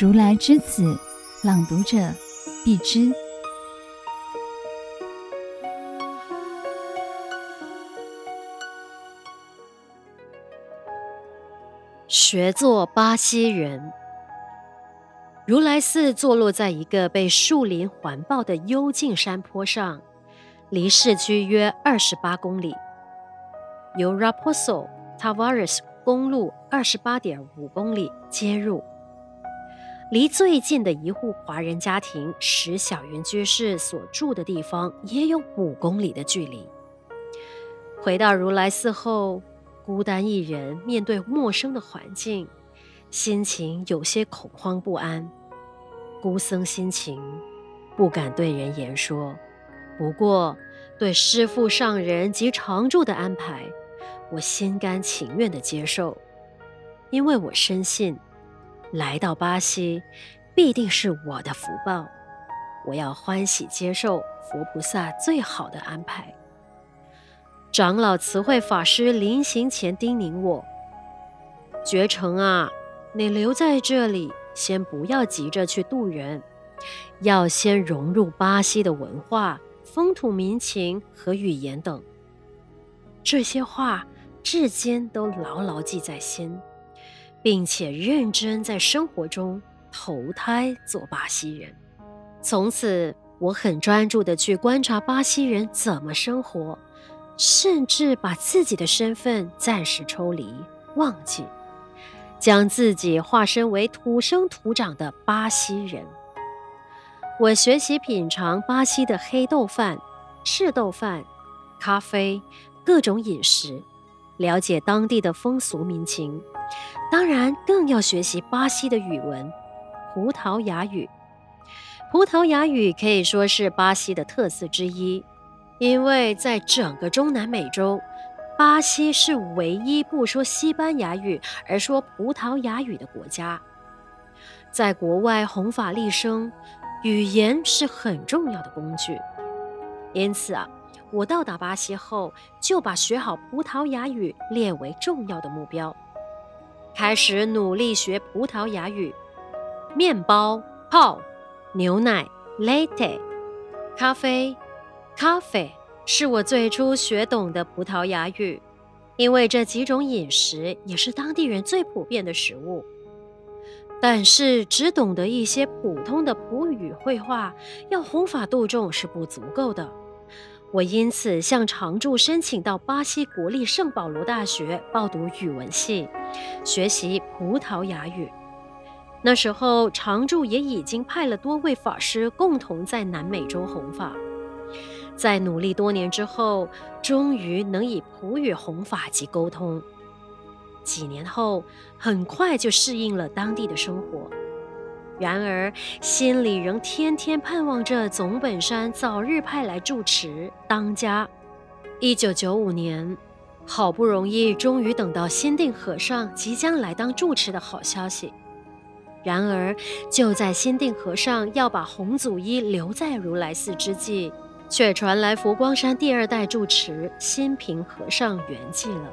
如來之子，朗讀者碧枝，學做巴西人。如來寺坐落在一個被樹林環抱的幽靜山坡上，離市區約二十八公里，由 Raposo Tavares 公路二十八點五公里接入。離最近的一戶華人家庭，史小雲居士所住的地方也有五公里的距離。回到如來寺後，孤單一人面對陌生的環境，心情有些恐慌不安。孤僧心情不敢對人言說，不過對師父上人及常住的安排，我心甘情願的接受，因為我深信。來到巴西，必定是我的福報。我要歡喜接受佛菩薩最好的安排。長老慈惠法師臨行前叮嚀我：“覺誠啊，你留在這裡，先不要急着去度人，要先融入巴西的文化、風土民情和語言等。”這些話至今都牢牢記在心。並且認真在生活中投胎做巴西人。從此，我很專注地去觀察巴西人怎麼生活，甚至把自己的身份暫時抽離、忘記，將自己化身為土生土長的巴西人。我學習品嘗巴西的黑豆飯、赤豆飯、咖啡、各種飲食，了解當地的風俗民情。當然，更要學習巴西的語文——葡萄牙語。葡萄牙語可以說是巴西的特色之一，因為在整個中南美洲，巴西是唯一不說西班牙語而說葡萄牙語的國家。在國外弘法利生，語言是很重要的工具。因此啊，我到達巴西後，就把學好葡萄牙語列為重要的目標。開始努力學葡萄牙語，麵包、pão、牛奶、leite 咖啡、café 是我最初學懂的葡萄牙語，因為這幾種飲食也是當地人最普遍的食物。但是只懂得一些普通的葡語會話，要弘法度眾是不足夠的。我因此向常住申請到巴西國立聖保羅大學報讀語文系，學習葡萄牙語。那時候，常住也已經派了多位法師共同在南美洲弘法。在努力多年之後，終於能以葡語弘法及溝通。幾年後，很快就適應了當地的生活。然而，心裡仍天天盼望着總本山早日派來住持當家。一九九五年，好不容易終於等到心定和尚即將來當住持的好消息。然而，就在心定和尚要把洪祖一留在如來寺之際，卻傳來佛光山第二代住持心平和尚圓寂了。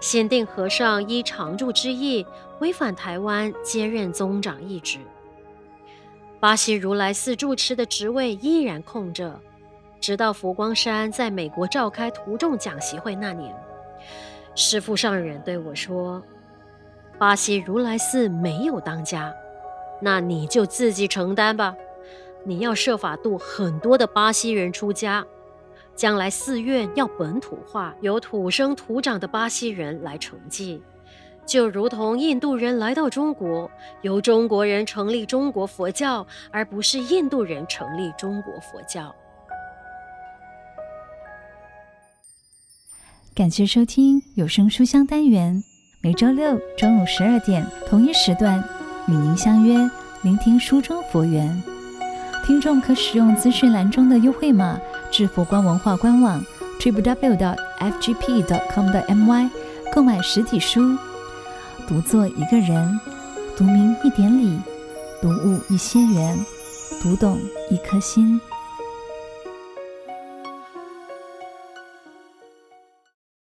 心定和尚依常住之意，回返台灣接任宗長一職。巴西如來寺住持的職位依然空着，直到佛光山在美國召開徒衆講習會那年，師父上人對我說：“巴西如來寺沒有當家，那你就自己承擔吧。你要設法度很多的巴西人出家，將來寺院要本土化，由土生土長的巴西人來承繼。”就如同印度人來到中國，由中國人成立中國佛教，而不是印度人成立中國佛教。感謝收聽有聲書香單元，每周六中午十二點同一時段與您相約，聆聽書中佛緣。聽眾可使用資訊欄中的優惠碼至佛光文化官網 triple w 的 fgp com 的 my 購買實體書。獨坐一個人，讀明一點理，讀悟一些緣，讀懂一顆心。